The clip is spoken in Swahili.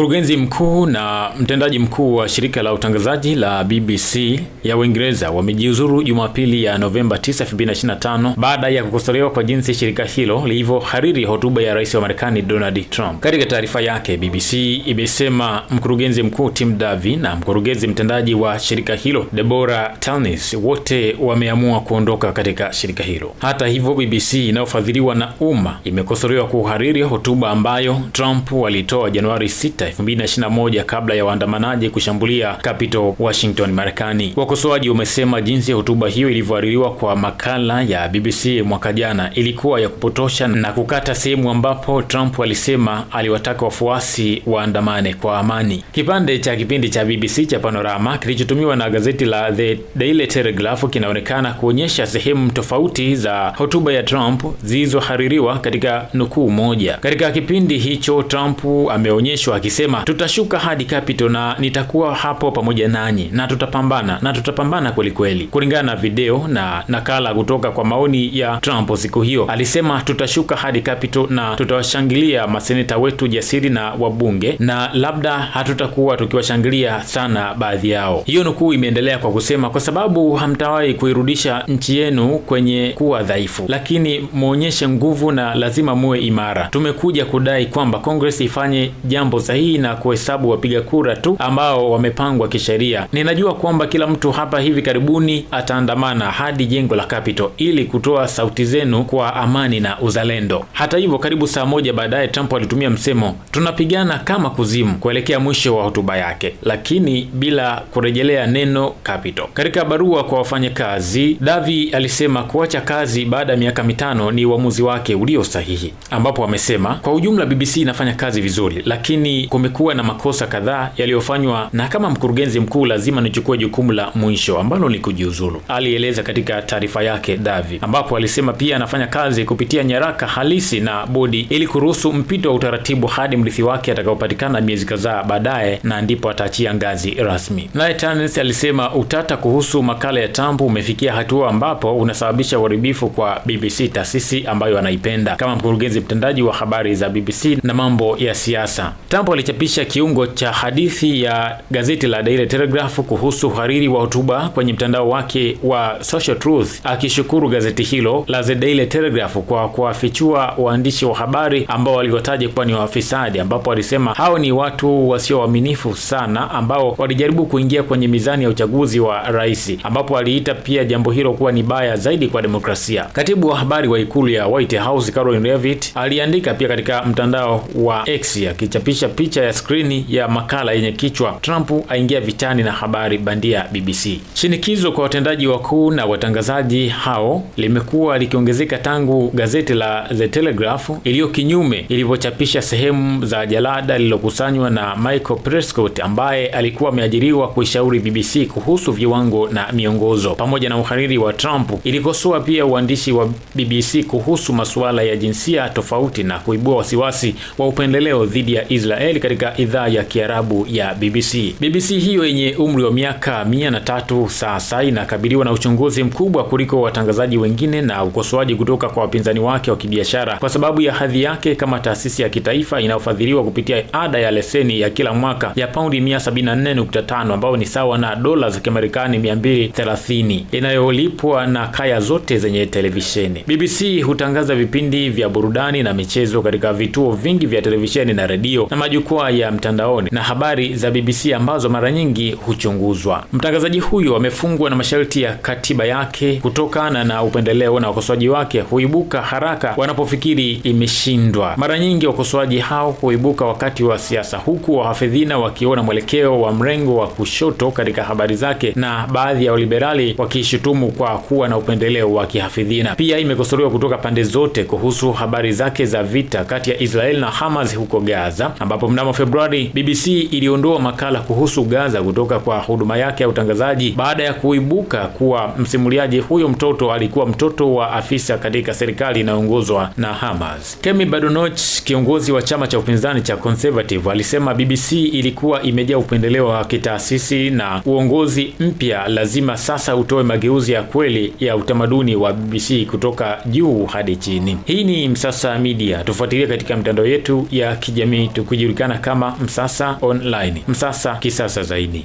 Mkurugenzi mkuu na mtendaji mkuu wa shirika la utangazaji la BBC ya Uingereza wamejiuzuru Jumapili ya Novemba 9, 2025 baada ya kukosolewa kwa jinsi shirika hilo lilivyohariri hotuba ya rais wa Marekani Donald Trump. Katika taarifa yake, BBC imesema mkurugenzi mkuu Tim Davie na mkurugenzi mtendaji wa shirika hilo Deborah talnis wote wameamua kuondoka katika shirika hilo. Hata hivyo, BBC inayofadhiliwa na umma imekosolewa kuhariri hotuba ambayo Trump walitoa Januari 6 2021 kabla ya waandamanaji kushambulia Capitol Washington, Marekani. Wakosoaji wamesema jinsi hotuba hiyo ilivyohaririwa kwa makala ya BBC mwaka jana ilikuwa ya kupotosha na kukata sehemu ambapo Trump alisema aliwataka wafuasi waandamane kwa amani. Kipande cha kipindi cha BBC cha Panorama kilichotumiwa na gazeti la The Daily Telegraph kinaonekana kuonyesha sehemu tofauti za hotuba ya Trump zilizohaririwa katika nukuu moja. Katika kipindi hicho Trump ameonyeshwa akisema alisema tutashuka hadi Capital na nitakuwa hapo pamoja nanyi na tutapambana na tutapambana kwelikweli. Kulingana na video na nakala kutoka kwa maoni ya Trump siku hiyo, alisema tutashuka hadi Capital na tutawashangilia maseneta wetu jasiri na wabunge, na labda hatutakuwa tukiwashangilia sana baadhi yao. Hiyo nukuu imeendelea kwa kusema, kwa sababu hamtawahi kuirudisha nchi yenu kwenye kuwa dhaifu, lakini muonyeshe nguvu na lazima muwe imara. Tumekuja kudai kwamba Congress ifanye jambo zaidi sahihi na kuhesabu wapiga kura tu ambao wamepangwa kisheria. Ninajua kwamba kila mtu hapa hivi karibuni ataandamana hadi jengo la Capitol ili kutoa sauti zenu kwa amani na uzalendo. Hata hivyo, karibu saa moja baadaye Trump alitumia msemo tunapigana kama kuzimu kuelekea mwisho wa hotuba yake, lakini bila kurejelea neno Capitol. Katika barua kwa wafanyakazi, Davi alisema kuacha kazi baada ya miaka mitano ni uamuzi wake ulio sahihi, ambapo amesema kwa ujumla BBC inafanya kazi vizuri, lakini kumekuwa na makosa kadhaa yaliyofanywa, na kama mkurugenzi mkuu lazima nichukue jukumu la mwisho ambalo ni kujiuzulu, alieleza katika taarifa yake Davi, ambapo alisema pia anafanya kazi kupitia nyaraka halisi na bodi ili kuruhusu mpito wa utaratibu hadi mrithi wake atakaopatikana miezi kadhaa baadaye, na ndipo ataachia ngazi rasmi. Naye Tannens alisema utata kuhusu makala ya tambu umefikia hatua ambapo unasababisha uharibifu kwa BBC, taasisi ambayo anaipenda kama mkurugenzi mtendaji wa habari za BBC na mambo ya siasa. Trump walichapisha kiungo cha hadithi ya gazeti la Daily Telegraph kuhusu uhariri wa hotuba kwenye mtandao wake wa Social Truth, akishukuru gazeti hilo la The Daily Telegraph kwa kuwafichua waandishi wa habari ambao waliwataja kuwa ni wafisadi, ambapo alisema hao ni watu wasioaminifu sana ambao walijaribu kuingia kwenye mizani ya uchaguzi wa rais, ambapo aliita pia jambo hilo kuwa ni baya zaidi kwa demokrasia. Katibu wa habari wa ikulu ya White House Caroline Levitt aliandika pia katika mtandao wa X akichapisha picha picha ya skrini ya makala yenye kichwa Trump aingia vitani na habari bandia BBC. Shinikizo kwa watendaji wakuu na watangazaji hao limekuwa likiongezeka tangu gazeti la The Telegraph iliyo kinyume ilivyochapisha sehemu za jalada lililokusanywa na Michael Prescott ambaye alikuwa ameajiriwa kuishauri BBC kuhusu viwango na miongozo. Pamoja na uhariri wa Trump, ilikosoa pia uandishi wa BBC kuhusu masuala ya jinsia tofauti na kuibua wasiwasi wa upendeleo dhidi ya Israel Kiswahili katika idhaa ya Kiarabu ya BBC. BBC hiyo yenye umri wa miaka mia tatu sasa inakabiliwa na uchunguzi mkubwa kuliko watangazaji wengine na ukosoaji kutoka kwa wapinzani wake wa kibiashara kwa sababu ya hadhi yake kama taasisi ya kitaifa inayofadhiliwa kupitia ada ya leseni ya kila mwaka ya paundi 174.5 ambayo ni sawa na dola za Kimarekani 230 inayolipwa na kaya zote zenye televisheni. BBC hutangaza vipindi vya burudani na michezo katika vituo vingi vya televisheni na redio na majukumu majukwaa ya mtandaoni na habari za BBC ambazo mara nyingi huchunguzwa. Mtangazaji huyo amefungwa na masharti ya katiba yake kutokana na upendeleo, na wakosoaji wake huibuka haraka wanapofikiri imeshindwa. Mara nyingi wakosoaji hao huibuka wakati wa siasa, huku wahafidhina wakiona mwelekeo wa mrengo wa kushoto katika habari zake, na baadhi ya waliberali wakishutumu kwa kuwa na upendeleo wa kihafidhina. Pia imekosolewa kutoka pande zote kuhusu habari zake za vita kati ya Israel na Hamas huko Gaza ambapo Mnamo Februari, BBC iliondoa makala kuhusu Gaza kutoka kwa huduma yake ya utangazaji baada ya kuibuka kuwa msimuliaji huyo mtoto alikuwa mtoto wa afisa katika serikali inayoongozwa na Hamas. Kemi badonoch kiongozi wa chama cha upinzani cha Conservative, alisema BBC ilikuwa imejaa upendeleo wa kitaasisi na uongozi mpya lazima sasa utoe mageuzi ya kweli ya utamaduni wa BBC kutoka juu hadi chini. Hii ni Msasa Media, tufuatilie katika mitandao yetu ya kijamii tukijulikana kama Msasa Online, Msasa kisasa zaidi.